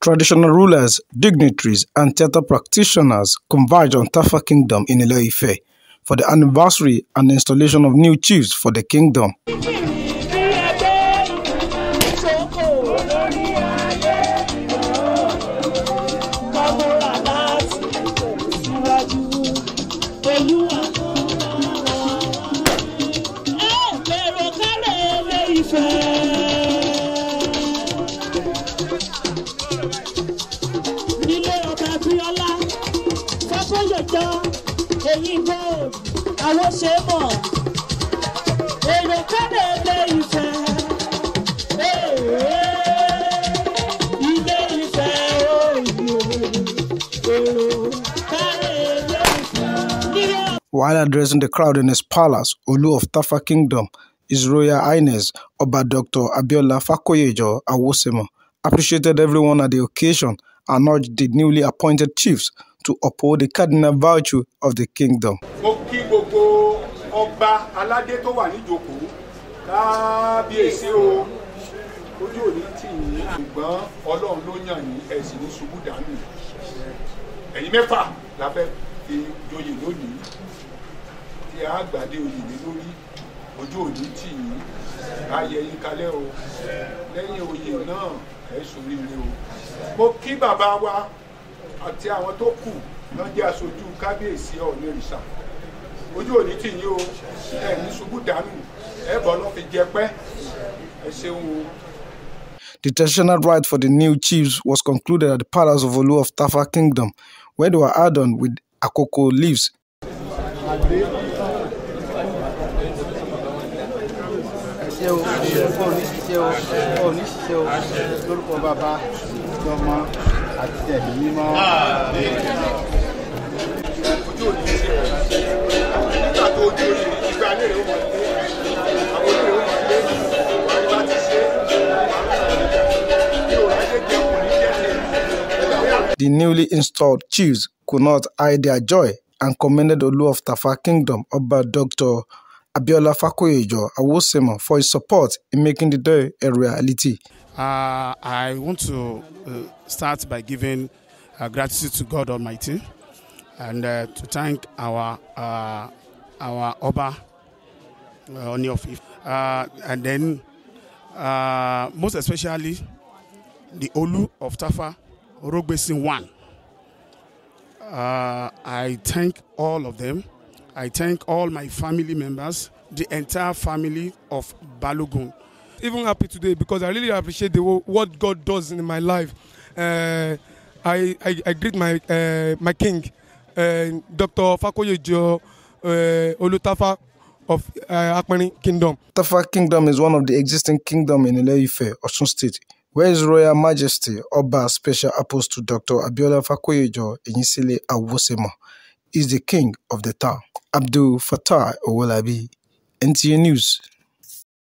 Traditional rulers, dignitaries, and theater practitioners converged on Tafa Kingdom in Ile-Ife for the anniversary and installation of new chiefs for the kingdom. while addressing the crowd in his palace, Olu of Tafa Kingdom, His Royal Highness Oba Dr. Abiola Fakoyejo Awosemo appreciated everyone at the occasion and urged the newly appointed chiefs to uphold the cardinal virtue of the kingdom. mo kí gbogbo ọba aládé tó wà níjókòó kábíyèsí o ojú òní tì yín ṣùgbọ́n ọlọ́run ló yàn yín ẹ̀sìn ní ṣubú dànù ẹ̀yin mẹ́fà la fi joyè lónìí tí a gbàdé oyè lé lórí ojú òní tì yín ayẹ yín kalẹ̀ o lẹ́yìn oyè náà ẹ̀ sórí ilé o mo kí bàbá wa àti àwọn tó kù lọ jẹ́ aṣojú kábíyèsí ọ̀ọ́nì òrìṣà ojú òní tì yín o ẹ̀ ṣubú dànù ẹ̀ bọ̀ fi jẹ pẹ́ ẹ̀ ṣeun The traditional rite for the new chiefs was concluded at the palace of Olu of Tafa Kingdom, where they were adorned with akoko leaves àti ẹ̀mí mímọ́. ojú The newly installed chiefs could not hide their joy and commended Oluwaftafa Kingdom Oba Dr. Abiola Fakoyejo Awosema for his support in making the day a reality. Uh, I want to uh, start by giving uh, gratitude to God Almighty and uh, to thank our uh, our Oba uh, uh and then most especially the Olu of Tafa Rogbesin One. I thank all of them. I thank all my family members, the entire family of Balogun. Even happy today because I really appreciate the, what God does in my life. Uh, I, I, I, greet my, uh, my king, uh, Dr. Fakoyejo uh, Olutafa of uh, Akmani Kingdom. Tafa Kingdom is one of the existing kingdom in Ileife, ife Osun State, where His Royal Majesty Oba Special Apostle Dr. Abiola Fakoyejo Inisile Awosema? is the king of the town. Abdul Fattah Owolabi, NTA News.